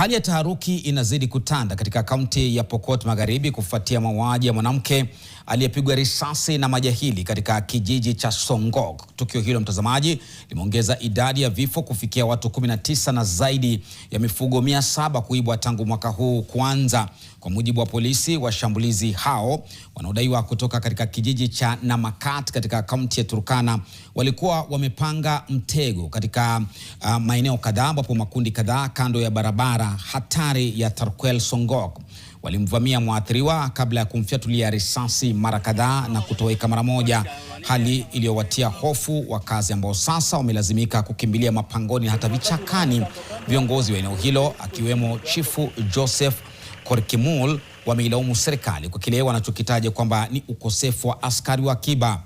Hali ya taharuki inazidi kutanda katika kaunti ya Pokot Magharibi kufuatia mauaji ya mwanamke aliyepigwa risasi na majahili katika kijiji cha Songok. Tukio hilo, mtazamaji, limeongeza idadi ya vifo kufikia watu 19 na zaidi ya mifugo 700 kuibwa tangu mwaka huu kuanza. Kwa mujibu wa polisi, washambulizi hao wanaodaiwa kutoka katika kijiji cha Namakat katika kaunti ya Turkana walikuwa wamepanga mtego katika uh, maeneo kadhaa ambapo makundi kadhaa kando ya barabara hatari ya Tarkwel Songok walimvamia mwathiriwa kabla ya kumfyatulia risasi mara kadhaa na kutoweka mara moja, hali iliyowatia hofu wakazi ambao sasa wamelazimika kukimbilia mapangoni hata vichakani. Viongozi wa eneo hilo akiwemo Chifu Joseph Kimul wameilaumu serikali kwa kile wanachokitaja kwamba ni ukosefu wa askari wa akiba,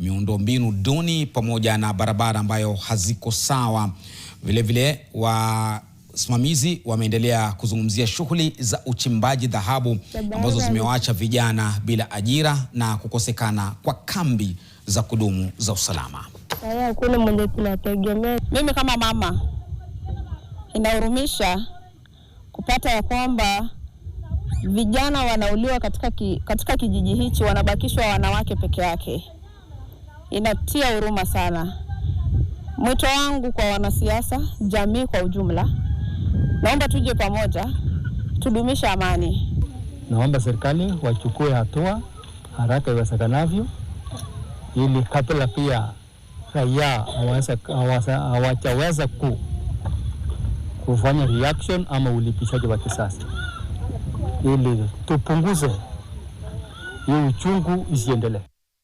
miundombinu duni, pamoja na barabara ambayo haziko sawa. Vilevile wasimamizi wameendelea kuzungumzia shughuli za uchimbaji dhahabu ambazo zimewaacha vijana bila ajira na kukosekana kwa kambi za kudumu za usalama. Hakuna mwenye tunategemea. Mimi kama mama inahurumisha kupata ya kwamba vijana wanauliwa katika, ki, katika kijiji hichi wanabakishwa wanawake peke yake. Inatia huruma sana. Mwito wangu kwa wanasiasa, jamii kwa ujumla, naomba tuje pamoja tudumisha amani. Naomba serikali wachukue hatua haraka iwezekanavyo, ili kabla pia raia hawachaweza ku kufanya reaction ama ulipishaji wa kisasa ili tupunguze hiyo uchungu isiendelee.